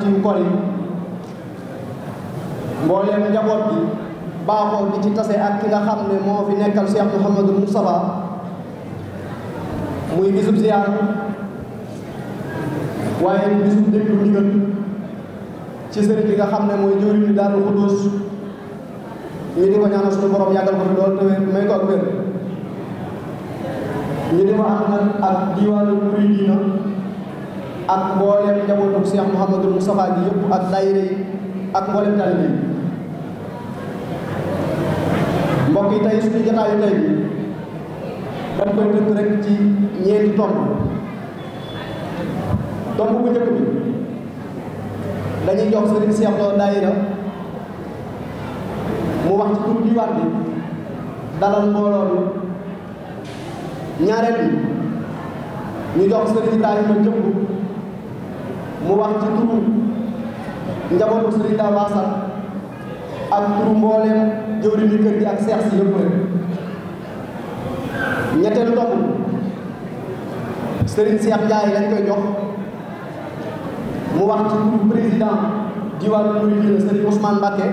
ci koor yi mbooleem jaboot bi baaxoo di ci tase ak ki nga xam ne moo fi nekkal Cheikh Mouhamadou Moustapha muy bisub ziar waaye bisub déglu ndigal ci sëriñ bi nga xam ne mooy jëwriñ bi Daaru Xudoos ñu di ko ñaanal suñu borom yàggal ko fi lool te may ko ak wér ñu di ko am nag ak diwaanu murid yi ak mboolem njabootu Cheikh Mouhamadul Moustapha gi yëpp ak daayira ak mboolem taalibe yi mbokk yi suñu jotaayu tey bi dañ koy ci ñeenti tomb tomb bu njëkk bi dañuy jox Serigne Cheikh Lo daayira mu wax ci turu diwaan bi dalal mbooloo ñaareel bi ñu jox Serigne Ibrahima jëmb mu wax ci turu njabootu Sëriñ Dame Assane ak turu mbooleem jëwriñu kër gi ak seex si yëpp rek ñetteelu tomb Sëriñ Seex Njaay lañ koy jox mu wax ci turu président diwaanu Mouride Sëriñ Ousmane Mbacké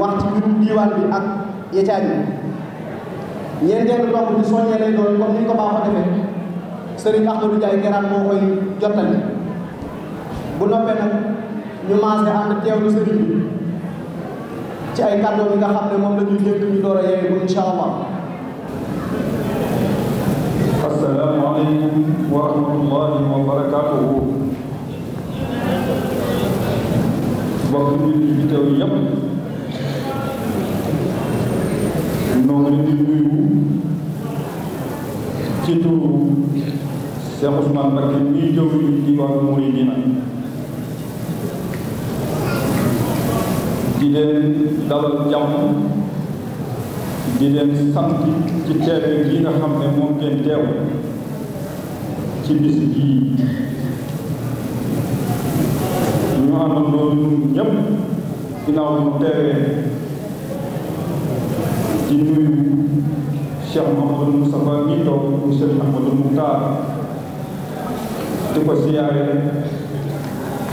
wax ci turu diwaan bi ak yecaan yi ñeenteelu tomb bi soññee lay doon comme ni ñu ko baaxoo defee Sëriñ Ahmadou Njaay Geraat moo koy jottali bu noppee nag ñu maase ànd teewlu sëriñ bi ci ay kàddoom yi nga xam ne moom la ñuy dégg ñu door a yeewu bu incha allah. asalaamaaleykum wa rahmatullahi wa barakaatuhu. mbokk yi ñu ngi teew yépp. ñoo ngi leen di nuyu ci turu Cheikh Ousmane Mbacké ñuy di wax mooy dina. di leen dalal jàmm di leen sant ci teew gi nga xam ne moom ngeen teew ci bis bii ñu àndandoo ñun ñépp ginnaaw teewee di nuyu Cheikh Mouhamadou Moustapha mi toog mu Cheikh Ahmadou Moukhtar di ko siyaare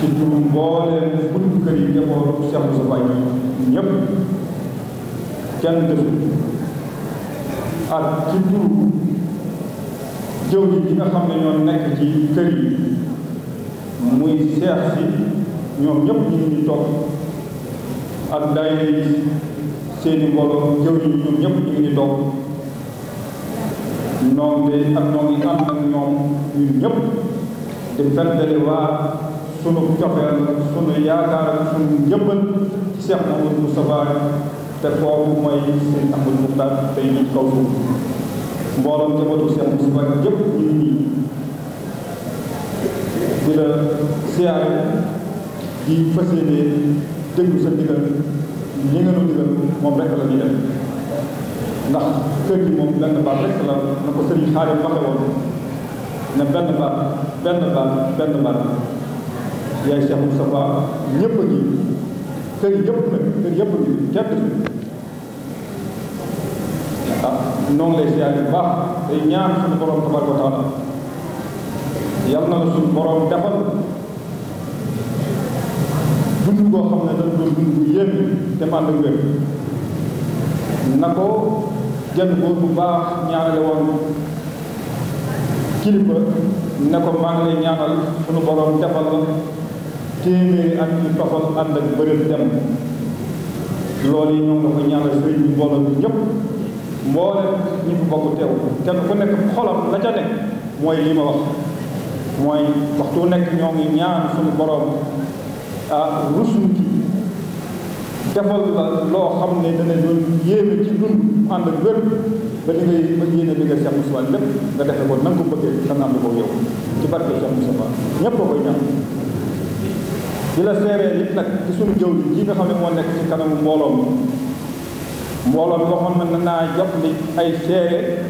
ci turu mbooleem buntu kër yi njabootu Cheikh Moussa Faye ñëpp kenn def ak ci turu jëw ji nga xam ne ñoo nekk ci kër yi muy seex si ñoom ñëpp ñu ngi toog ak daay seeni mbooloo jëw ji ñoom ñëpp ñu ngi toog noonu de ak ñoo ngi ànd ak ñoom ñun ñëpp di fendale waa sunu cofeel sunu yaakaar ak sunu njëbbal Cheikh Mamadou Moustapha te foofu mooy seen Ahmadou Moukhtar tey ñu kaw nii di la siyaare di fas yéene déglu sa digal ñi nga nu digal moom rek la ñuy def ndax kër moom benn baat rek la na ko sëriñ Xaadim waxe woon ne benn baat benn baat benn baat yaay Cheikh Moustapha ñëpp a ngi kër yëpp nag kër yëpp a ngi képp ah noonu lay baax day ñaan suñu borom tabaraka wa taala yal na la suñu borom defal dund koo xam ne dañ doon dund bu yéen te man da wér na ko jën kilifa ne ko maa lay ñaanal suñu borom defal la téeméeri ak ñu tofal ànd ak bëréb dem loolu yi ñoo ngi ko ñaanal sëriñ bi mbooloo bi ñëpp mboolem ñi fi bokk teew kenn ku nekk xolam la ca nekk mooy li ma wax mooy waxtu nekk ñoo ngi ñaan suñu boroom ah rusul ki defal loo xam ne dana doon yéeme ci dund ànd ak wér ba li ngay ba yéene li nga Cheikh Moussa lépp nga defe ko nan ko bëggee sa naan ko yow ci barke Cheikh Moussa ñëpp a koy ñaan di la seeree it nag ci suñu jëw ji nga xam ne moo nekk ci kanamu mbooloo mi mbooloo mi waxoon na naa jot li ay seere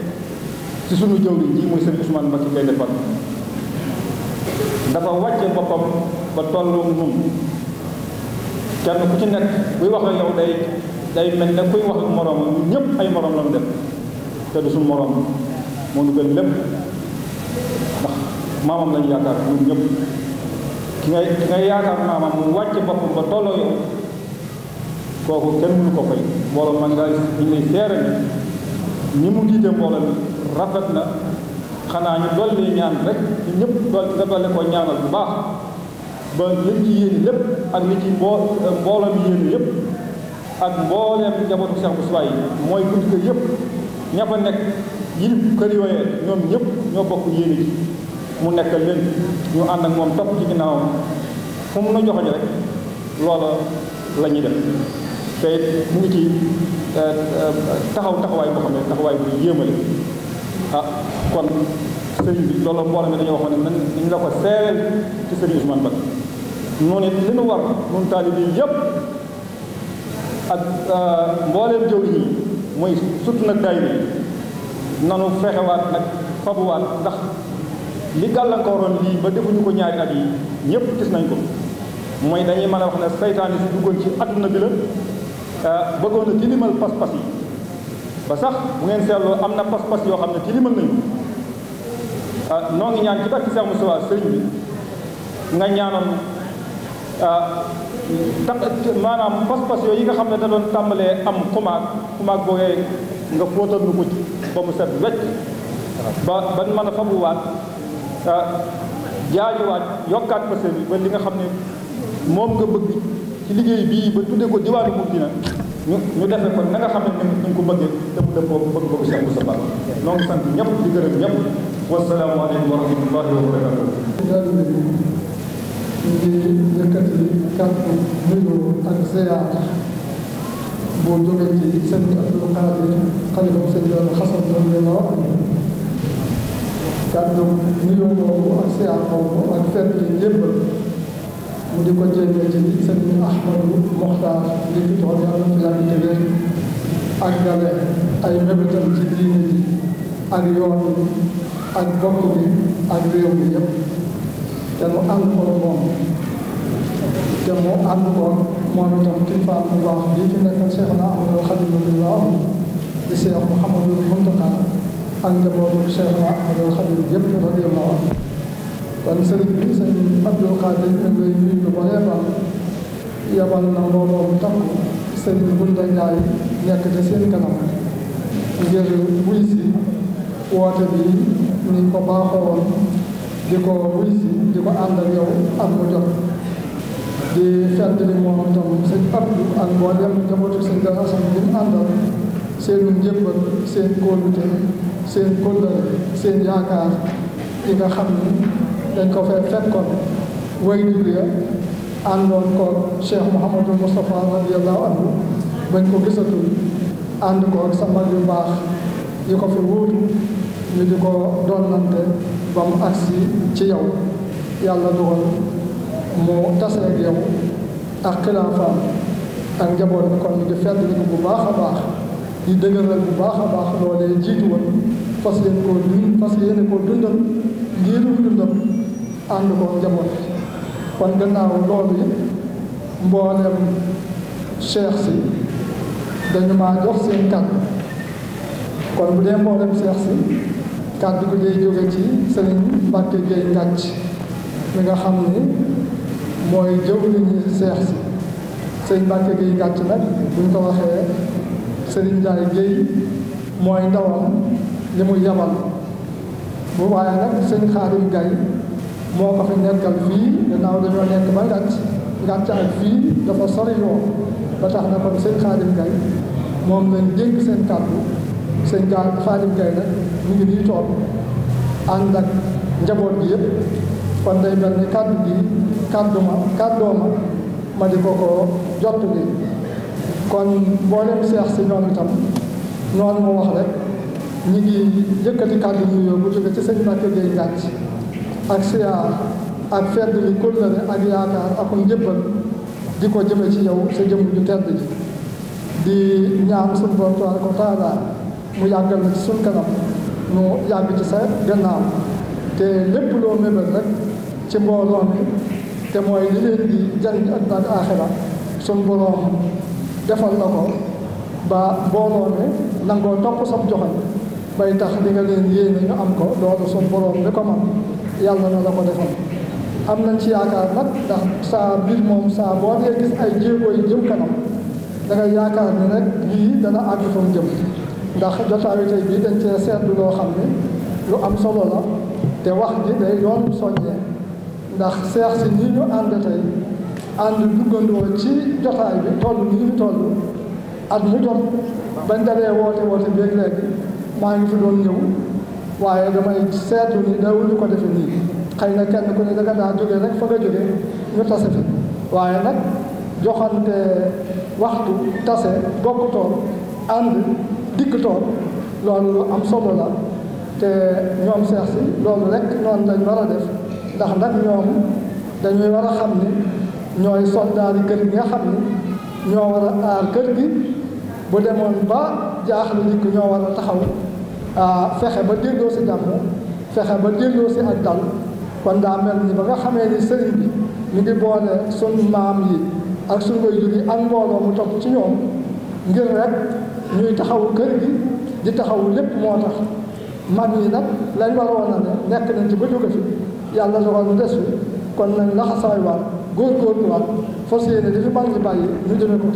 ci suñu jëw ji muy sëñ Ousmane Mbacké Gaïndé Fatma dafa wàcce boppam ba tollu nun kenn ku ci nekk buy wax ak yow day day mel ne kuy wax ak moroomam ñëpp ay moroom la mu def te du suñu moroom moo nu gën lépp ndax maamam lañu yaakaar ñun ñëpp ki nga ki nga yaakaar maamam mu wàcce boppam ba tolloo yow kooku kenn mënu ko fay mbooloo man nga ñu lay seere ni ñi mu jiite mbooloo mi rafet na xanaa ñu dolli ñaan rek ci ñëpp dool nga dolli ko ñaanal bu baax ba liñ ci yéen lépp ak li ci mboo mbooloo mi yéen yépp ak mbooleem njabootu Cheikh Moussa yi mooy bunt kër yëpp ña fa nekk yilif kër yooyee ñoom ñëpp ñoo bokk yéene ji mu nekk leen ñu ànd ak moom topp ci ginnaawam fu mu nu joxoñ rek loola la ñuy te mu ngi ci eh, eh, taxaw taxawaay boo xam ne taxawaay bu yéemale ah, kon sëriñ bi loolu mbooloo mi dañoo waxoon ne nan nañ la ko seereel ci sëriñ Ousmane Mbacké noonu it li nu war nun taalib yi yépp ak eh, mbooleem jëw yi mooy surtout nag daayira yi nanu fexewaat nag fabuwaat ndax li gàllankooroon lii ba defuñu ko ñaari at yi ñëpp gis nañ ko mooy dañuy mën a wax ne saytaane si duggoon ci adduna bi la euh, bëggoon na a tilimal pas-pas yi ba sax bu ngeen seetloo am na pas-pas yoo xam ne tilimal nañu euh, noo ngi ñaan ci barki Seex Musaa sëriñ bi nga ñaanoon euh, tax maanaam pas-pas yooyu yi nga xam ne da doon tàmbalee am xumaag xumaag boogee nga fóotal nu ko ci ba mu set wecc ba ban mën a fabuwaat Euh, jaajuwaat yokkaat ko bi ba li nga xam ne moom nga bëgg ci liggéey bii ba tuddee ko diwaanu Mouride ñu ñu defe ko na nga xam ne ni ñu ko bëggee te mu def ko bëgg ko Cheikh Moussa Ba donc sant ñëpp di gërëm ñëpp wasalaamaaleykum wa rahmatullahi wa barakatuh. daal di ngi yëkkati kàddu nuyoo ak ziyaar boo jógee ci sëñ Abdou Khadir xalifa sëñ Xasan doon leen wax kàddu nuyoo boobu ak siyaar ak fedd yi yépp mu di ko jéggee ci sëñ Ahmadu Moxtaar li fi toog yàlla fi yàgg te ak gale ay mébétam ci diine ji ak yoon ak bokk bi ak réew mi yépp te mu ànd ko moom te mu ànd ko moom itam kilifa bu baax bii fi nekk Seexna Ahmadul Xadiim di Seex Muhammadul Muntaxa ak njabootu Cheikh Ahmadul Xadim yëpp radiyallahu anhu kon sëriñ bi sëñ Abdul Xaadir ñu ngi lay nuyu lu bare baax yabal na mbooloo mu tam sëriñ Bunda Njaay nekk ca seen kanam ngir wuy si woote bi ni ko baaxoo di ko wuy si di ko ànd ak yow ak mu jot di fàttali moom tam sëñ Abdu ak mboolem njabootu sëñ Dara Sam bi mu àndal seen njëbbal seen kóolute seen kóllëre seen yaakaar yi nga xam ni dañ ko fee fekkoon way jur ya àndoon ko Cheikh Mouhamadou Moustapha radiallahu anhu bañ ko gisatul ànd ko ak sa mag yu baax yi ko fi wuutu ñu di ko doonante ba mu agsi ci yow yàlla dogal mu taseeg yow ak xilaafaam ak njaboot bi kon ñu di fedd bu baax a baax di dëgëral bu baax a baax loolee jiitu woon fas yéene koo dund fas yéene koo dundal ngirum dundal ànd ko njaboot kon gannaaw loolu yi mboolem cheikh si dañu maa jox seen kàddu kon bu dee mboolem cheikh si kàddu gi day jóge ci sëriñ Mbàkke Géey Ngàcc mi nga xam ni mooy jëwriñu cheikh si sëriñ Mbàkke Géey Ngàcc nag buñ ko waxee Serigne Ndiaye Guèye mooy ndawam li mu yabal bu waaye nag sëñ Xaadim Gaye moo ko fi nekkal fii gannaaw dañoo nekk ba gàcc gàcc ak fii dafa sori yoo tax na kon sëñ Xaadim Gaye moom lañ dénk seen kàddu sëñ ga Xaadim Gaye nag mu ngi nii toog ànd ak njaboot bi yëpp kon day mel kàddu gi kàddu ma kàddoo ma ma di ko ko jot bi kon mboolem seex si ñoom itam noonu mu wax rek ñu ngi yëkkati kàddu nuyoo bu jóge ci sëñ Mbàkke Géey ngàcc ak siyaar ak fedd li kóllëre ak yaakaar ak njëbbal di ko jëme ci yow sa jëm ju tedd ji di ñaan suñu borom tabaaraka wa mu yàggal na ci suñ kanam mu yàgg ci sa gannaaw te lépp loo mébél rek ci mbooloo mi te mooy li leen jariñ ak nag aaxira suñ defal na ko ba mbooloo mi nangoo topp sab joxoñ bay tax li nga leen yéene ñu am ko loolu suñ boroom mi ko man yàlla na la ko defal am nañ ci yaakaar nag ndax saa mbir moom saa boo dee gis ay jéego yi jëm kanam da yaakaar ni rek lii dana àgg fa jëm ndax jotaayu tey bii dañ cee seetlu loo xam ne lu am solo la te wax ji day yoon soññee ndax seex si ñi ñu ànd tey ànd duggandoo ci jotaay bi toll ni ñu at mu jot bañ dalee woote woote beeg léegi maa ngi fi doon ñëw waaye damay seetu ni dawuñu ko defe nii xëy na kenn ku ne danga daa jógee rek fa nga jógee ñu tase fi waaye nag joxante waxtu tase bokk tool ànd dikk tool loolu lu am solo la te ñoom seex si loolu rek noonu lañ war a def ndax nag ñoom dañuy war a xam ni ñooy soldaar yi kër gi nga xam ni ñoo war a kër gi bu demoon ba jaaxle nit ñoo war a taxaw fexe ba delloo si jàmm fexe ba delloo si ak dal kon daa mel ni ba nga xamee ni sëriñ bi ñu ngi boole sunu maam yi ak sunu waajur yi ak mbooloo mu topp ci ñoom ngir rek ñuy taxawu kër gi di taxawu lépp moo tax mag yi nag lañ waroon a ne nekk nañ ci ba jóge fi yàlla dogal mu des fi kon nañ laxasaay waat góorgóorluwaat fas yéene li fi mag ñi bàyyi ñu jëlee ko bi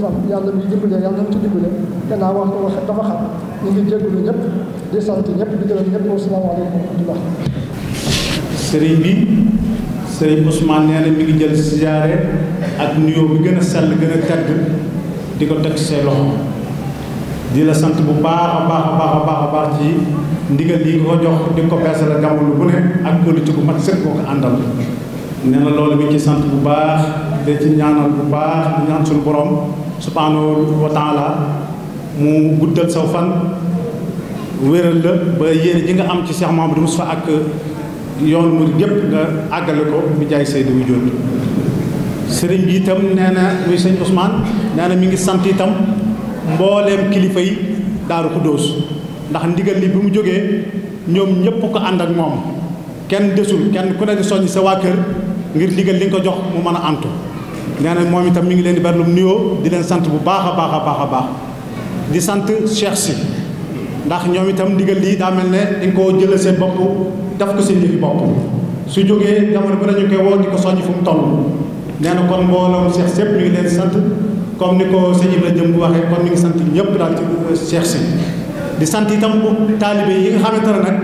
di sant ñëpp di gërëm ñëpp wasalaamaaleykum wa ak gën a sell gën a tedd di ko teg say di la sant bu baax a baax a baax a baax a baax ci ndigal yi nga ko jox di ko beesal gàmmu lu bu ne ak politique bu mat sëkk boo ko àndal nee na loolu mi ngi ci sant bu baax de ci ñaanal bu baax di ñaan suñu borom subhaanahu wa mu guddal saw fan wéral la ba yéene ji nga am ci Cheikh Mamadou Moustapha ak yoon murid yépp nga àggale ko bi jaay Seydou wu jot sëriñ bi itam nee na muy sëñ Ousmane nee na mi ngi sant itam mbooleem kilifa yi Daaru Xuddoos ndax ndigal li bi mu jógee ñoom ñépp ko ànd ak moom kenn desul kenn ku ne di soññ sa waa kër ngir ndigal li nga ko jox mu mën a antu nee moom itam mi ngi leen di berlum nuyoo di leen sant bu baax a baax a baax a baax di sant cheikh si ndax ñoom itam ndigal lii daa mel ne dañ koo jëlee seen bopp def ko seen yëfi bopp su jógee jamono bi dañu koy woo di ko soññ fu mu toll nee na kon mbooloom cheikh si yëpp ñu ngi leen di sant comme ni ko sëñ Ibra jëm bu waxee kon ñu ngi sant ñëpp daal ci cheikh si di sant itam bu taalibe yi nga xamante ne nag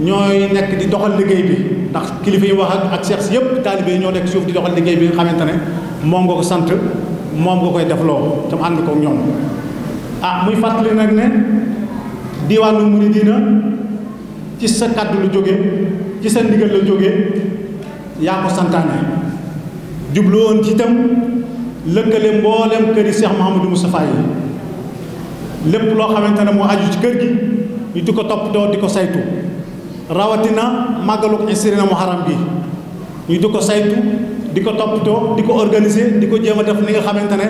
ñooy nekk di doxal liggéey bi ndax kilifa yi wax ak ak seex si yëpp taalibe yi ñoo nekk suuf di doxal liggéey bi nga xamante ne moom nga ko sant moom nga koy defloo tam ànd ko ñoom. ah muy fàttali nag ne diwaanu muridina ci sa kàddu lu jóge ci sa ndigal la jóge yaa ko santaane jublu woon ci itam lëkkale mboolem kër yi seex Mouhamadou Moustapha yi lépp loo xamante ne moo aju ci kër gi ñu di ko toppatoo di ko saytu. rawatina màggalu mu muharam bi ñu di ko saytu di ko toppatoo di ko organiser di ko jéem a def ni nga xamante ne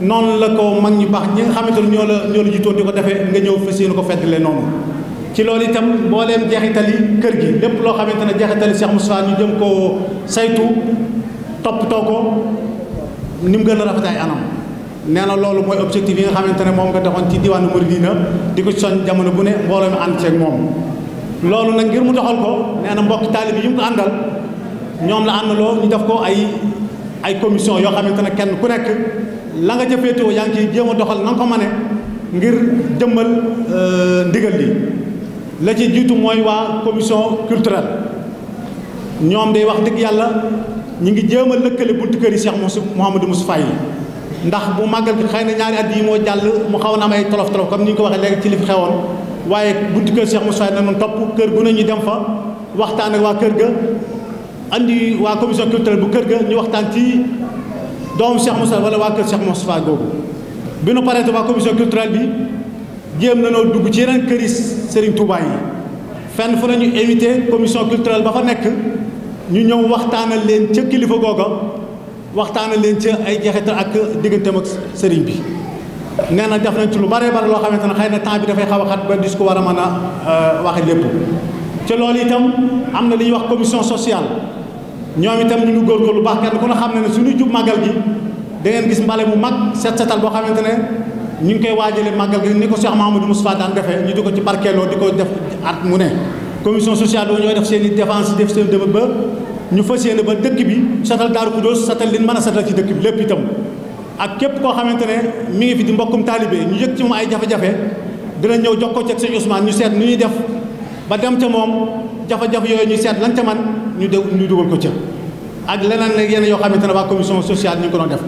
noonu la ko mag ñi baax ñi nga xamante ne ñoo la ñoo la jiitoon di ko defee nga ñëw fas yéene ko feddle noonu ci loolu itam mbooleem jeexitali kër gi lépp loo xamante ne jeexitali Cheikh Moussa ñu jëm koo saytu toppatoo ko ni mu gën a rafet ay anam nee na loolu mooy objectif yi nga xamante ne moom nga doxoon ci diwaanu na di ko soñ jamono bu ne mbooloo mi ànd ceeg moom loolu nag ngir mu doxal ko nee na mbokki taalib yi mu ko àndal ñoom la àndaloo ñu def ko ay ay commission yoo xamante ne kenn ku nekk la nga jëfeetoo yaa ngi ciy a doxal na nga ko mane ngir jëmmal euh, ndigal li la ci jiitu mooy waa commission culturelle ñoom day wax dëgg yàlla ñu ngi jéem a lëkkale buntu kër yi Cheikh Moussa Mouhamadou Moustapha yi ndax bu màggal gi xëy na ñaari at yi moo jàll mu xaw na am ay tolof tolof comme ni ñu ko waxee léegi ci li fi xewoon waaye buntu kër Cheikh Moussa na noonu topp kër gu ne ñu dem fa waxtaan ak waa kër ga andi waa commission culturelle bu kër ga ñu waxtaan ci doomu Cheikh Moussa wala waa kër Cheikh Moussa googu bi nu paree waa commission culturelle bi jéem na noo dugg ci yeneen kër yi Serigne yi fenn fu nañu invité commission culturelle ba fa nekk ñu ñëw waxtaanal leen ca kilifa googa waxtaanal leen ca ay jeexital ak digganteem ak sëriñ bi nee na def nañ ci lu bare bare loo xamante ne xëy na temps bi dafay xaw a xat ba dis ko war a mën a euh, waxe lépp ci loolu itam am na li ñuy wax commission sociale ñoom itam ñu ngi góorgóorlu baax kenn ku ne xam ne ne suñuy jub màggal gi da gis mbale mu mag set setal xamante ne ñu ngi koy waajale màggal gi ni ko Cheikh Mahamadou Moustapha daan defee ñu di ko ci barkeeloo di ko def at mu ne commission sociale boobu ñooy def seen i défense def seen dëbët ba ñu fas yéene ba dëkk bi setal Daaru Kudóos satal liñ mën a setal ci dëkk bi lépp itam ak képp koo xamante ne mu ngi fi di mbokkum taalibe ñu yëg ci moom ay jafe-jafe dina ñëw jox ko ci sëñ Ousmane ñu seet nu ñuy def ba dem ca moom jafe-jafe yooyu ñu seet lan ca man ñu de ñu dugal ko ca ak leneen nag yenn yoo xamante ne waa commission sociale ñu ko doon def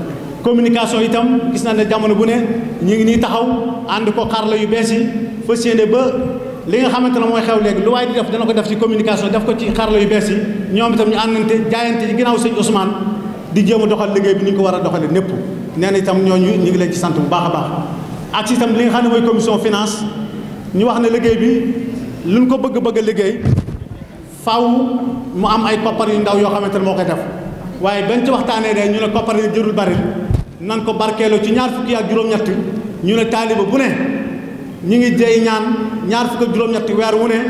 communication itam gis naa ne jamono bu ne ñu ngi nii taxaw ànd ko xarala yu bees yi fas yéene ba li nga xamante ne mooy xew léegi lu waaye di def dana ko def ci communication def ko ci xarala yu bees yi ñoom itam ñu àndante jaayante ci ginnaaw sëñ Ousmane di jéem a doxal liggéey bi ni ñu ko war a doxalee népp nee na itam ñooñu ñu ngi leen ci sant bu baax a baax ak si itam li nga xam ne mooy commission finance ñu wax ne liggéey bi luñ ko bëgg bëgg a liggéey faw mu am ay koppar yu ndaw yoo xamante ne moo koy def waaye bañ ci waxtaanee ne ñu ne koppar yi jërul bari nan ko barkeeloo ci ñaar fukki ak juróom-ñett ñu ne taaliba bu ne ñu ngi jey ñaan ñaar fukk ak juróom-ñett weer wu ne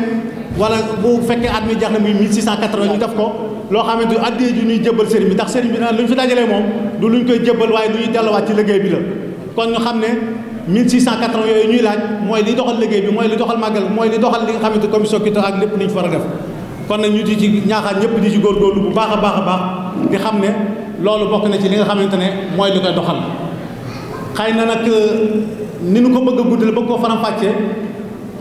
wala bu fekkee at mi jeex na muy 1680 ñu def ko. loo xamante ni addiyee ju ñuy jëbbal sëriñ bi ndax sëriñ bi naan lu ñu fi dajalee moom du lu ñu koy jëbbal waaye lu ñuy ci liggéey bi la kon ñu xam ne yooyu ñuy laaj mooy li doxal liggéey bi mooy li doxal màggal mooy li doxal li nga xamante ni commission culturelle ak lépp lu ñu fa a def kon nag ñu di ci ñaaxaat ñëpp di ci góorgóorlu bu baax a baax a baax di xam ne loolu bokk na ci li nga xamante ne mooy li koy doxal xëy na nag ni nu ko bëgg a guddale bëgg koo faram-fàccee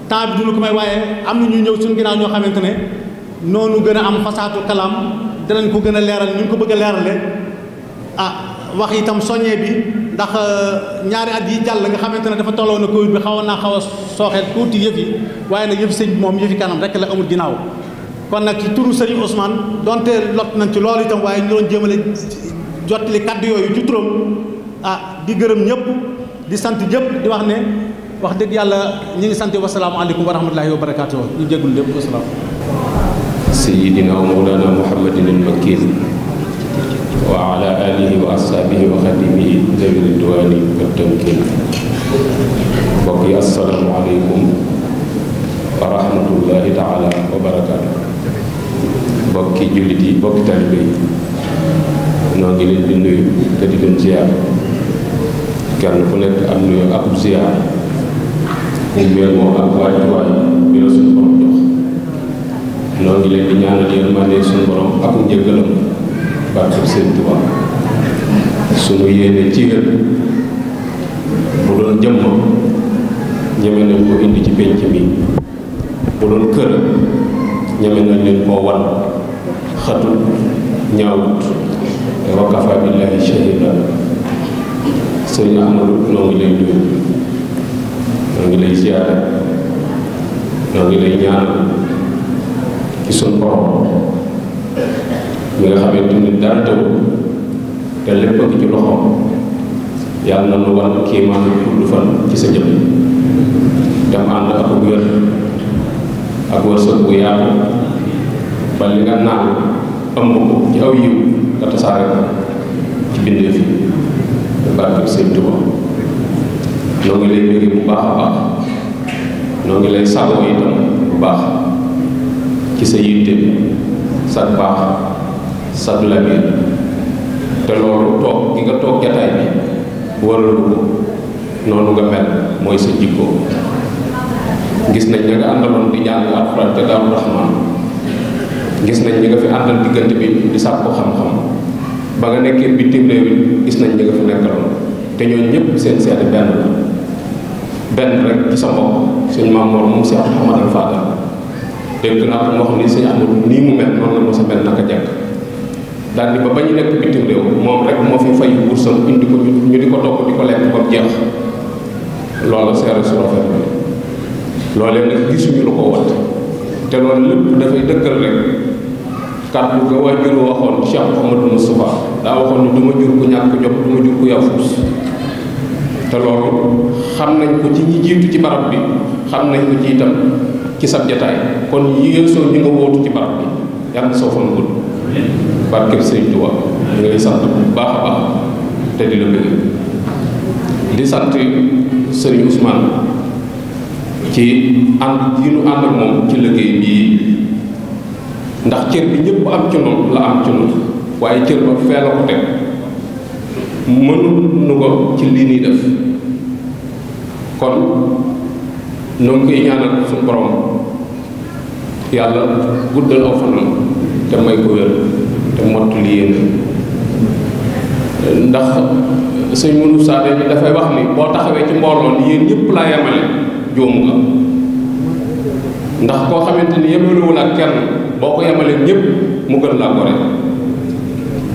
temps bi du ñu ko may waaye am na ñu ñëw suñu ginnaaw ñoo xamante ne noonu gën a am fasaatu kalaam danañ ko gën a leeral ñu ko bëgg a leerale ah wax itam soññee bi ndax euh, ñaari at yi jàll nga xamante ne dafa tolloo na Covid bi xawoon naa xaw a sooxeel tuuti yëf yi waaye nag yëpp sëñ bi moom yëfi kanam rekk la amul ginnaaw kon nag ci turu sëriñ Ousmane donte lot nañ ci loolu tam waaye ñu doon jëmale jottali kàddu yooyu ci turam ah di gërëm ñëpp di sant jëpp di wax ne wax dëgg yàlla ñu ngi sant wasalaamualeykum wa rahmatulahi wa barakaatu ñu jéggul lépp wasalaam سيدنا ومولانا محمد المكين وعلى آله وأصحابه وخدمه ذوي الرضوان والتمكين بقي السلام عليكم ورحمة الله تعالى وبركاته bokki jullit yi bokki taalibe yi noo ngi leen di nuyu te di leen ziar kenn ku nekk am nuyu ak ziar ñu mel moom ak waajuwaay bi la suñu noo ngi leen di ñaanal yërmande borom ak njëggalam barkeb Sëriñ Tuubaa suñu yéene ci gën bu doon jëmm ñeme nañ ko indi ci penc mi bu doon kër ñeme nañ leen koo wan xatul ñaawut te wa kafaa billaahi shahiida sëriñ Ahmadu noo ngi lay nuyu noo ngi lay ñaanal ci sunu borom mi nga xamante ni dara tawul te lépp ak ci loxoom yàlla na nu wan kéemaan fan ci sa jëm dem ànd ak wér ak wërsëg bu yaatu ba li nga naan ëmb ko ci aw yiw nga tasaare ko ci bindee fi barke sëñ Tuba noo ngi lay bëgg bu baax a baax noo ngi lay sàggoo itam bu baax ci sa yitte sa baax sa labiir te loolu toog gi nga toog jataay bi waralu ko noonu nga mel mooy sa jikkoo gis nañ ña nga àndaloon di jàng alxuraan te Daaru gis nañ ñi nga fi àndal diggante bi di sàkku xam-xam ba nga nekkee bitim réew yi gis nañ ñi nga fi nekkaloon te ñooñu ñëpp seen seede benn la benn rek ci sa mbokk suñ maam moom moom Seex Muhamadal Faadal dégg naa ko mu wax ni sëñ Ahmadu nii mu mel noonu la mos a mel naka jekk ba ba nekk bitim réew moom rek moo fi fay wursam indi ko ñu di ko topp di ko lekk ba jeex loolu lu ko wat te loolu lépp dafay dëggal rek kàddu ga ma jur ku ñàkk jot du jur ku yafuus te loolu xam nañ ko ci ñi jiitu ci barab bi xam nañ ko ci ci sab jataay kon yigéen soo ñu nga wóotu ci barab bi yàlla na soo fan gudd Sëriñ Tuubaa ñu ngi sant bu baax a baax te di la bëgg di sant Sëriñ Ousmane ci ànd ji nu ànd ak moom ci liggéey bii ndax cër bi ñëpp am ci la am ci waaye cër ba fee la ko teg mënul nu ko ci lii nii def kon noonu koy ñaanal suñu borom yàlla guddal aw fanam te may ko wér mott li yéene ndax sëñ mënu saade bi dafay wax ni boo taxawee ci mbooloo ni yéen ñëpp laa yemale juum nga ndax koo xamante ni yemalewul ak kenn boo ko yemalee ñëpp mu gën laa gore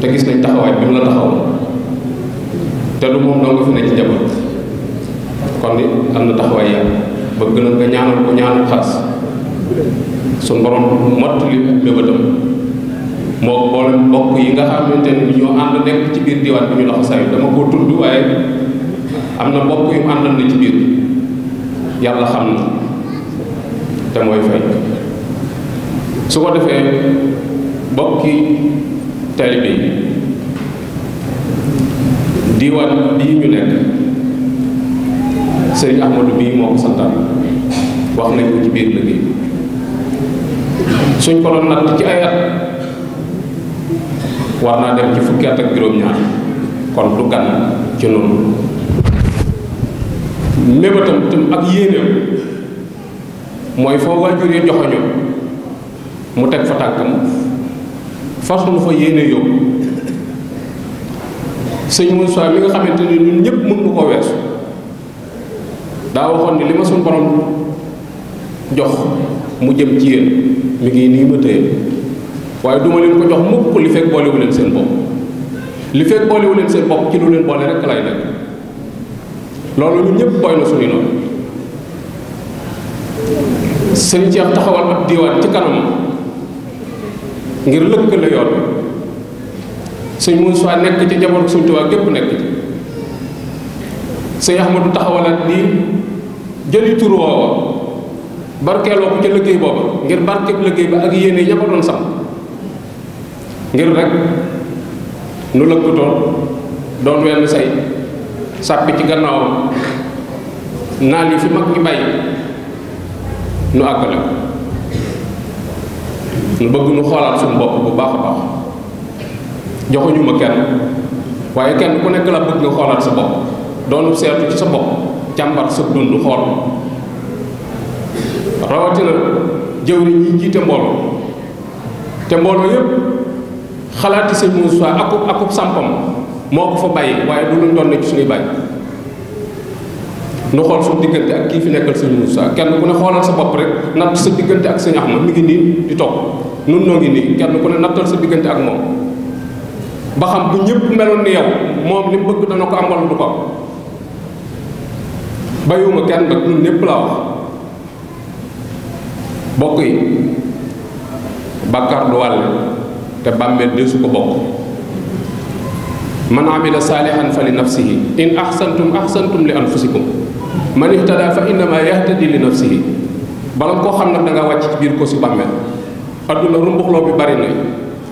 te gis nañ taxawaay bi mu la taxaw te lu moom doo nga fi ne ci njaboot kon ni am na taxawaay yàlla ba gën nga ñaanal ko ñaanal xas su borom mott li mu moo boole mbokk yi nga xamante ne bi ñoo ànd nekk ci biir diwaan bi ñu laxa sayu dama ko tudd waaye am na mbokk yu àndal na ci biir yàlla xam na te mooy fay su ko defee bokki taalibe yi diwaan bii ñu nekk sëriñ Ahmadu bii moo ko santaan wax nañ ci biir liggéey suñ ko doon natt ci ay at war naa dem ci fukki at ak juróom-ñaar kon du gan ci noonu mébatam tam ak yéenéem mooy foo waajur yi joxoñu mu teg fa tànkam fas nu fa yéene yóbbu sëñ Moussa mi nga xamante ni ñun ñëpp mën nga ko weesu daa ni li ma suñ borom jox mu jëm ci yéen mu ngi nii ma téye waaye duma leen ko jox mukk li fekk boolewu leen seen bopp li fekk boolewu leen seen bopp ci lu leen boole rek lay nekk loolu ñun ñëpp boy na suñu noonu sëñ Cheikh taxawal ab diwaan ci kanam ngir lëkkale yoon bi sëñ Moussa nekk ci jamono suñ tubaab gépp nekk ci sëñ Ahmadou taxawalaat di jëli tur woowa barkeeloo ko ca liggéey booba ngir barkeb liggéey ba ak yéene ya ko doon sam ngir rek nu lëkkatoon doon wenn say sàppi ci gannaawam naan yi fi mag ñi nu àggale ko nu bëgg xoolaat suñu bopp bu baax a baax joxuñu ma kenn waaye kenn ku nekk la bëgg nga xoolaat sa bopp doonu seetu ci sa bopp càmbar sa dund xool rawatina jëwriñ yi jiite mbooloo te mbooloo yépp xalaati sëñ Moussa akub akub sampam moo ko fa bàyyi waaye du luñ doon ne ci bàyyi nu xool suñu diggante ak kii fi nekkal sëñ Moussa kenn ku ne xoolal sa bopp rek natt sa diggante ak sëñ Axma mi ngi nii di toog nun noo ngi nii kenn ku ne nattal sa diggante ak moom ba xam bu ñëpp meloon ni yow moom li bëgg dana ko am wala du ko am bàyyiwuma kenn nag ñun ñëpp laa wax bokk yi bàkkaar du wàll te bàmmeel deesu ko bokk man amila saalihan fa li nafsihi in ahsantum ahsantum li anfusikum man ihtada fa innama yahtadi li nafsihi bala koo xam nag da wàcc ci biir ko si bàmmeel adduna rumbuxloo bi bari na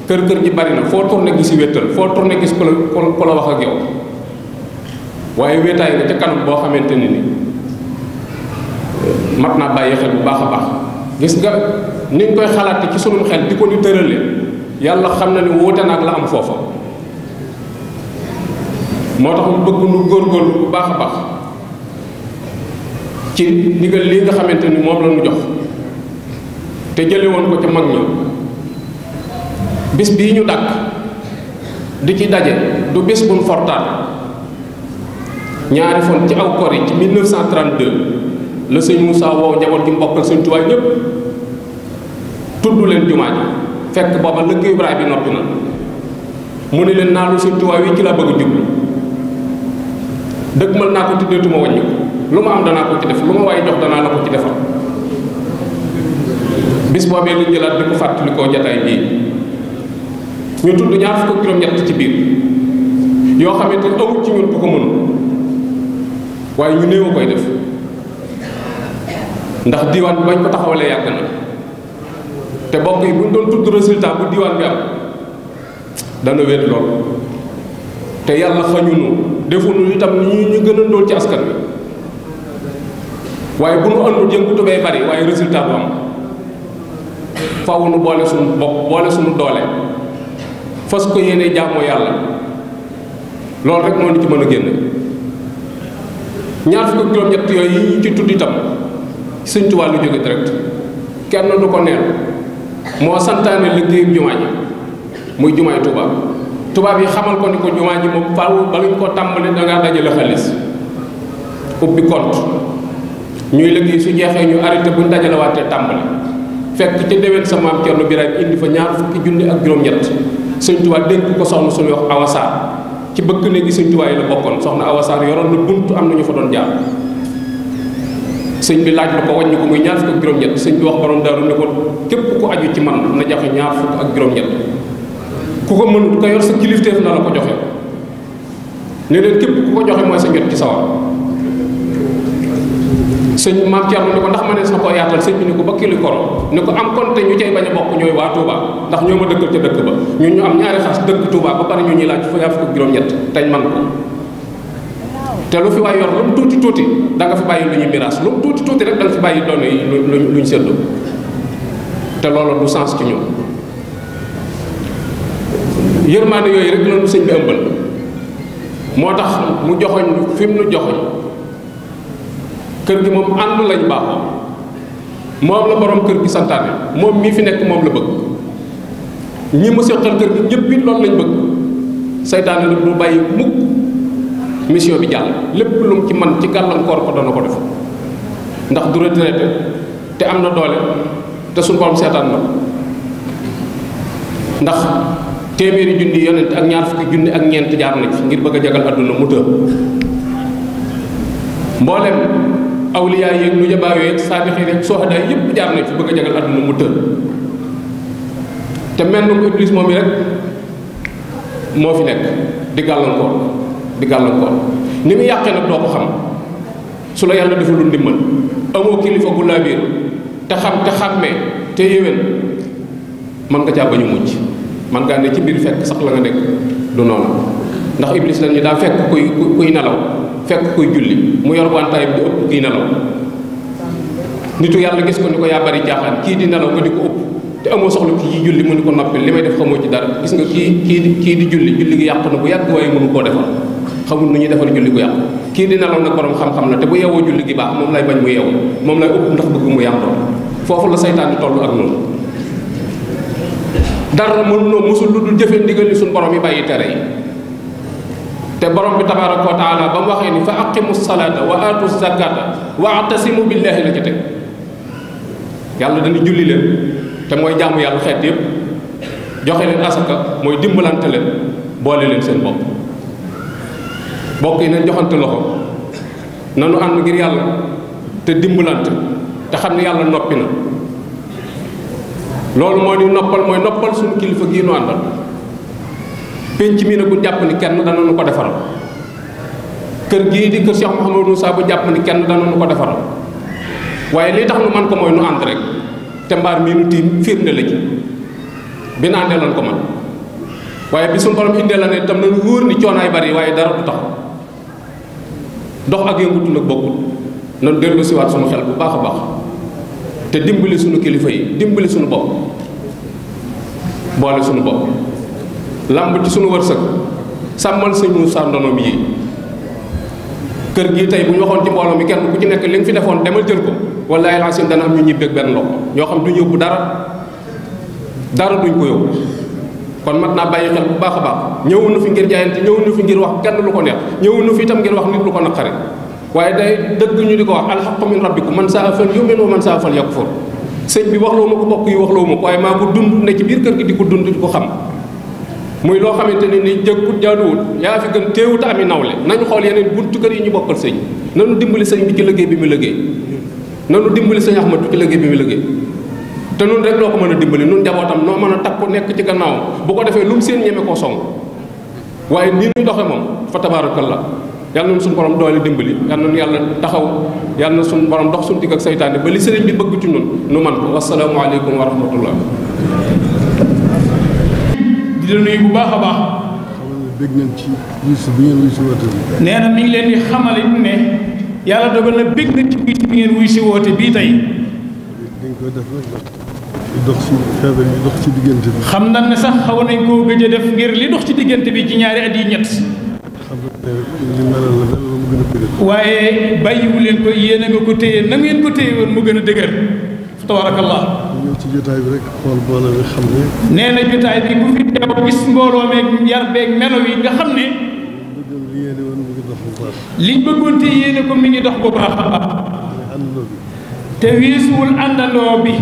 kër kër ji bari na foo tourné gis si wéttal foo tourné gis ku la ku la wax ak yow waaye wéetaay nga ca kanam boo xamante ne ni mat naa bàyyi xel bu baax a baax gis nga ni ñu koy xalaate ci sunum xel di ko di tërale yàlla xam na ni wuute nag la am foofa moo tax mu bëgg nu góorgóorlu bu baax baax ci ndigal lii nga xamante ni moom la jox te jële woon ko ci mag ñëw bis bii ñu dàkk di ci daje du bis buñ fortaat ñaari fan ci aw kori ci 1932 la sëñ Moussa woow njaboot gi mu bokkal sëñ Tuubaa ñëpp tudd leen jumaa ji fekk booba lëggéey Ibrahima bi nottu na mu ne leen naalu sëñ Tuubaa wi ci laa bëgg a jublu dëgg mën naa ko tuddeetuma wàññi lu ma am danaa ko ci def lu ma waaye jox danaa la ko ci defal bis boobee lu jëlaat di ko fàttalikoo jataay bii ñu tudd ñaar fukk ak juróom-ñett ci biir yoo xamante awut ci ñun bu waaye ñu néew koy def ndax diwaan bi bañ ko taxawalee yàgg na te bokk yi bu ñu doon tudd résiltat bu diwaan bi am dana wéet lool te yàlla xañunu defuñu tam ni ñu gën a ndóol ci askan wi waaye bu nu ëndul yëngutu bay bari waaye résultat bu am faw nu boole suñu bopp boole suñu doole fas ko yéene jaamoo yàlla loolu rek moo ñu ci mën a génn ñaar fukk juróom-ñett yooyu yi ñu ci tudd itam sëñ Tuubaa lu jóge direct kenn du ko neen moo santaane liggéeyu jumaa ji muy jumaay Tuubaa tubaab yi xamal ko ni ko jumaa ji moom faaw baluñ ko tàmbali dangaa dajale xaalis ubbi compte ñuy liggéey su jeexee ñu arrêté buñ dajale waatee tàmbali fekk ca déwén sa maam Cerno Birahim indi fa ñaar fukki junni ak juróom-ñett sëñ Tuubaa dénk ko soxna suñu wax awasaar ci bëgg léegi sëñ Tuubaa yi la bokkoon soxna awasaar yoroon na buntu am na ñu fa doon jaar sëñ bi laaj la ko wàññi ko muy ñaar fukk ak juróom-ñett sëñ bi wax borom daaru ne ko képp ku aju ci man na joxe ñaar fukk ak juróom-ñett ku ko mënut ko yor sa kilifteef na la ko joxe ne leen képp ku ko joxe mooy sa njot ci sawar sëñ maam Thierno ne ko ndax ma ne sa ko yaatal sëñ bi ne ko ba kili koro ne ko am konte ñu cay bañ a bokk ñooy waa Touba ndax ñoo ma dëkkal ca dëkk ba ñu ñu am ñaari xas dëkk Touba ba pare ñu ñuy laaj fu ñaar fukk tañ man te lu fi waay yor tuuti tuuti da nga fi bàyyi lu ñuy miraas lu mu tuuti tuuti rek da nga fi bàyyi doon yi lu lu ñu séddoo te loolu du sens ci yooyu rek la ñu sëñ bi ëmbal moo tax mu joxoñ fi mu nu joxoñ kër gi moom ànd lañ baaxoo moom la boroom kër gi santaane moom mii fi nekk moom la bëgg ñi mu seqal kër gi ñëpp loolu lañ bëgg seytaane du bàyyi mukk mission bi jàll lépp lum ci man ci gàllankoor ko doona ko def ndax du retraité te am na doole te suñu borom seetaan na ndax téeméeri junni yonent ak ñaar fukki junni ak ñeent jaar na ci ngir bëgg a jagal àdduna mu tëb mboolem lu yeeg nu jabaawee saabixi rek soxada yépp jaar na ci bëgg a jagal àdduna mu tëb te mel na ko Iblis moom rek moo fi nekk di gàllankoor di gàllankoor ni mu yàqee nag doo ko xam su la yàlla lu ndimbal amoo kilifa bu laa biir te xam te xàmmee te yéwén mën nga caa bañu mucc man ngaa ne ci biir fekk sax la nga nekk du noonu ndax iblis lañu daal fekk kuy kuy nelaw fekk kuy julli mu yor wantaay bi di ëpp kuy nelaw nitu yàlla gis ko ni ko yaa bari jaaxaan kii di nelaw nga di ko ëpp te amoo soxla kii julli mu ni ko noppi li may def xamoo ci dara gis nga kii kii di julli julli gi yàq na bu yàgg waaye koo defal xamul nu ñuy defar julli gu yàqu kii dina law nag borom xam-xam na te bu yeewoo julli gi baax moom lay bañ mu yeewu moom lay upp ndax bëgg mu yàqu foofu la saytaan di toll ak noonu dara mën noo mosul lu dul jëfe ndigal yi suñu borom yi bàyyi tere yi te borom bi tabaraka wa ba mu waxee ni fa aqimu salaata wa aatu zakata wa atasimu billaahi la ca teg yàlla dana julli leen te mooy jaamu yàlla xeet yépp joxe leen asaka mooy dimbalante leen boole leen seen bopp bokk yi nañ joxante loxo nanu ànd ngir yàlla te dimbalante te xam ne yàlla noppi na loolu moo ñu noppal mooy noppal suñu kilifa gii nu àndal pénc mi ne bu jàpp ni kenn dana nu ko defaral kër gii di kër Cheikh bu jàpp ni kenn dana nu ko defaral waaye li tax nu man ko mooy nu ànd rek te mbaar mii nu tiim firnde la ci bi nu lan ko man waaye bi suñu borom indee la ne tam nañu wóor ni coonaay bari waaye dara du tax dox ak yëngutu nag bokkul nan dellu siwaat suñu xel bu baax a baax te dimbali suñu kilifa yi dimbali suñu bopp boole suñu bopp làmb ci suñu wërsëg sàmmal suñu sàndonom yi kër gii tey bu ñu waxoon ci mbooloo mi kenn bu ci nekk li nga fi defoon demal jël ko wallaahi laasim dana am ñu ñibbeeg benn loxo ñoo xam duñ yóbbu dara dara duñ ko yóbbu kon mat naa bàyyi xel bu baax a baax ñëw nu fi ngir jaayante ñëw nu fi ngir wax kenn lu ko neex ñëw nu fi itam ngir wax nit lu ko naqari waaye day dëgg ñu di ko wax alxaqu min rabbikum man saa fal yu'min wa man saa fal yakfur sëñ bi waxloo ma ko bokk yi waxloo ma ko waaye maa ko dund ne ci biir kër gi di ko dund di ko xam muy loo xamante ne ni jëkkut jaaduwut yaa fi gën téewuta ami nawle nañu xool yeneen buntu kër yi ñu bokkal sëñ nanu dimbali sëñ bi ci liggéey bi mu liggéey nanu dimbali sëñ Ahmadu ci liggéey bi mu liggéey te nun rek loo ko mën a dimbali nun njabootam noo mën a takku nekk ci gannaaw bu ko defee lu seen ñeme koo song waaye nii nuy doxe moom fa la yàlla na suñu borom doole dimbali yàlla yàlla taxaw yàlla na suñu borom dox suñu digg ak saytaane ba li sëriñ bi bëgg ci ñun nu man ko wasalaamualeykum wa rahmatullah di la bu baax a baax dégg nañ ci nee na ngi leen di xamal ne yàlla dogal na bég na ci bis bi ngeen wuy si woote bii tey. koy def nag ci diggante bi. xam nañ ne sax xaw nañ koo gëj a def ngir li dox ci diggante bi ci ñaari at yi ñett. xam nañ ne li leen ko yéen a nga na ngeen ko téye mu gën a dëgër. tabaarakallah. ñëw ci jotaay bi rek xool mbooloo mi xam ne. nee na jotaay bi ku fi teew gis mbooloo meeg yar beeg yi nga xam ne. liñ bëggoon te yéene ko mi ngi dox bu baax a baax. te wiisuwul àndandoo bi.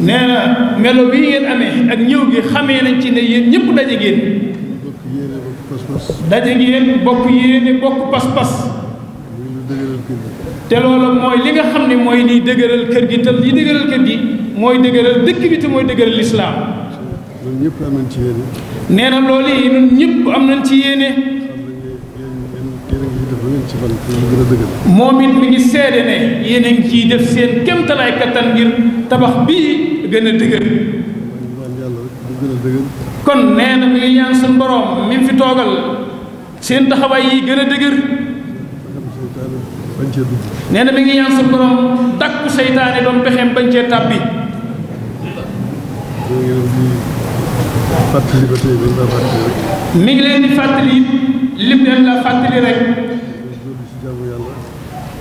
nee na melo bii ngeen amee ak ñëw gi xamee nañ ci ne yéen ñëpp daje ngeen. daje ngeen bokk yéene bokk pas-pas. te loolu mooy li nga xam ne mooy liy dëgëral kër gi te li dëgëral kër gi mooy dëgëral dëkk bi te mooy dëgëral lislaam. nee na loolu yi ñun ñëpp am nañ ci yéene. moom it mi ngi seede ne yéen a ngi ciy def seen kéemtalaay kattan ngir tabax bii gën a dëgër. kon nee na mi ngi borom mi fi toogal seen taxawaay yi gën a dëgër. nee na mi ngi ñaan suñu borom takku seytaane doon pexeem bañ cee tàbbi. mi ngi leen di fàttali lim leen la fàttali rek.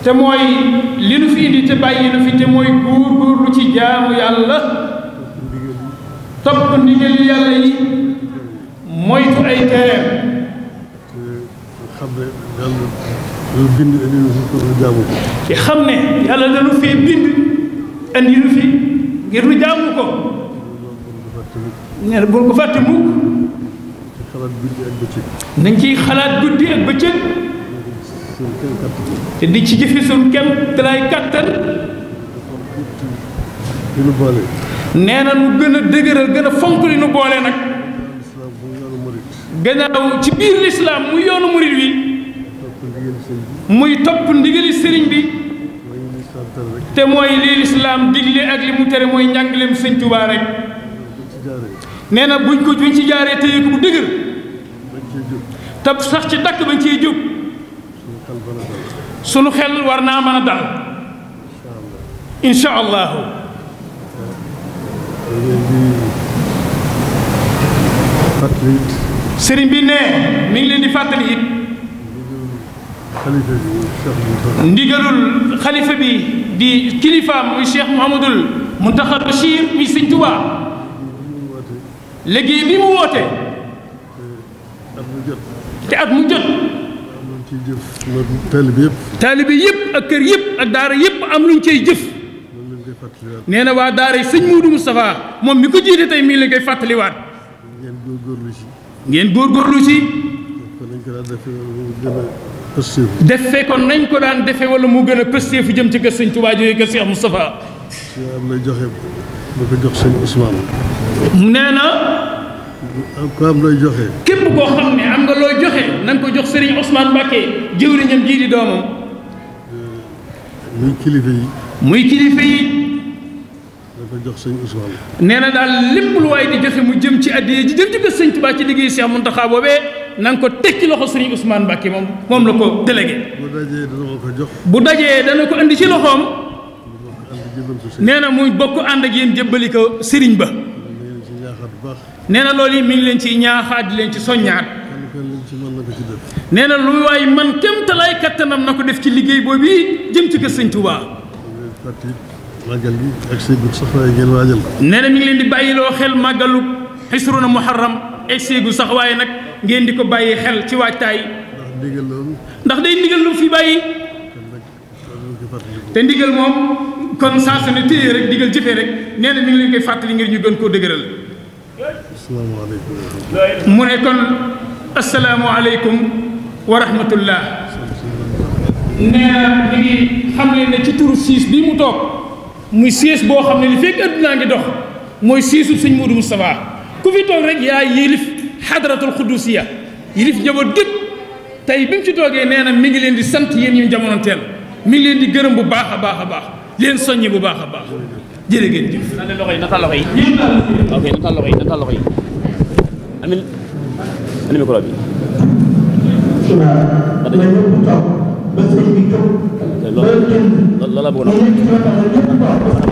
te mooy li nu fi indi te bàyyi nu fi te mooy góor góorlu ci jaamu yàlla topp ndigal yàlla yi moytu ay tereem te xam ne yàlla dañu fee bind andi nu fi ngir nu jaamu ko nee na ko fàtte mukk nañ ciy xalaat guddi ak bëccëg te di ci jëfe suñ kem lay kàttan nee na nu gën a dëgëral gën a fonk li nu boole nag gannaaw ci biir lislaam muy yoonu murit wi muy topp ndigali sëriñ bi te mooy lii lislaam digle ak li mu tere mooy njàngaleem sëñ Tuubaa rek nee na buñ ko buñ ci jaaree téye ko bu dëgër tab sax ci dakk bañ cee jóg sunu xel war naa mën a dal incha allahu sëriñ bi ne mi ngi leen di fàttali it ndigalul xalifa bi di kilifaam muy Cheikh Mouhamadul Muntaxa Bachir muy Sëñ Tuubaa liggéey bi mu woote te at mu luñ ciy jëf loolu taalibe yëpp. taalibe yëpp ak kër yëpp ak daara yëpp am luñ cay jëf. nee na waa daara yi sëñ Moudou Moustapha moom mi ko jiite tey mii la koy fàttaliwaat. ngeen góorlu ci ngeen góorlu ci defe ko nañ ko daan defe wala mu gën a pësté fu jëm ci kër sëñ Touba jooyu kër Cheikh Moustapha. am lay joxe ba ko jox sëñ Ousmane. nee na. ku am lay joxe. képp koo xam ne. nan ko jox Serigne Ousmane Mbacké jëwriñam jii di doomam. muy kilifa yi. muy kilifa yi. jox Serigne Ousmane. nee na daal lépp lu waay di joxe mu jëm ci addiya ji jëm ci kër Sëñ Tuubaa ci liggéey Cheikh Mountakha boobee. na ko teg ci loxo Serigne Ousmane Mbacké moom moom la ko délégué. bu dajee dana ko indi bu dajee dana ko ci loxoom. nee na muy bokk ànd ak yéen jébbali ko Serigne ba. nee na loolu yi mi ngi leen ci ñaaxaat di leen ci soññaat. nee na lu waay man kem talaay kattanam na ko def ci liggéey boobu jëm ci kër sëñ Touba. màggal gi ak séegu saxwaay ngeen waajal ko. nee na mi ngi leen di bàyyiloo xel màggalu xisruna muharram ak sax waaye nag ngeen di ko bàyyi xel ci waajtaay. ndax ndigal loolu. ndax day ndigal lu fi bàyyi. te ndigal moom kon saa su ne téye rek ndigal jëfee rek nee na mi ngi leen koy fàttali ngir ñu gën koo dëgëral. asalaamaaleykum. mu ne kon. asalaamualeykum wa rahmatullah nee na xam leen ne ci turu siis bi mu toog muy siis boo xam ne li fekk addunaa ngi dox mooy siisu sëñ Moodu Moustapha ku fi toog rek yaa yilif xadratul xudusiya yilif njaboot gépp tey bi ci toogee nee na mi ngi leen di sant yéen ñu jamono teel mi ngi leen di gërëm bu baax a baax a baax leen soññi bu baax a baax jërë ngeen jëf. loxo yi na taal loxo yi. ok na taal loxo yi na taal loxo yi ani micro bi. waaw. loolu la bëggoon a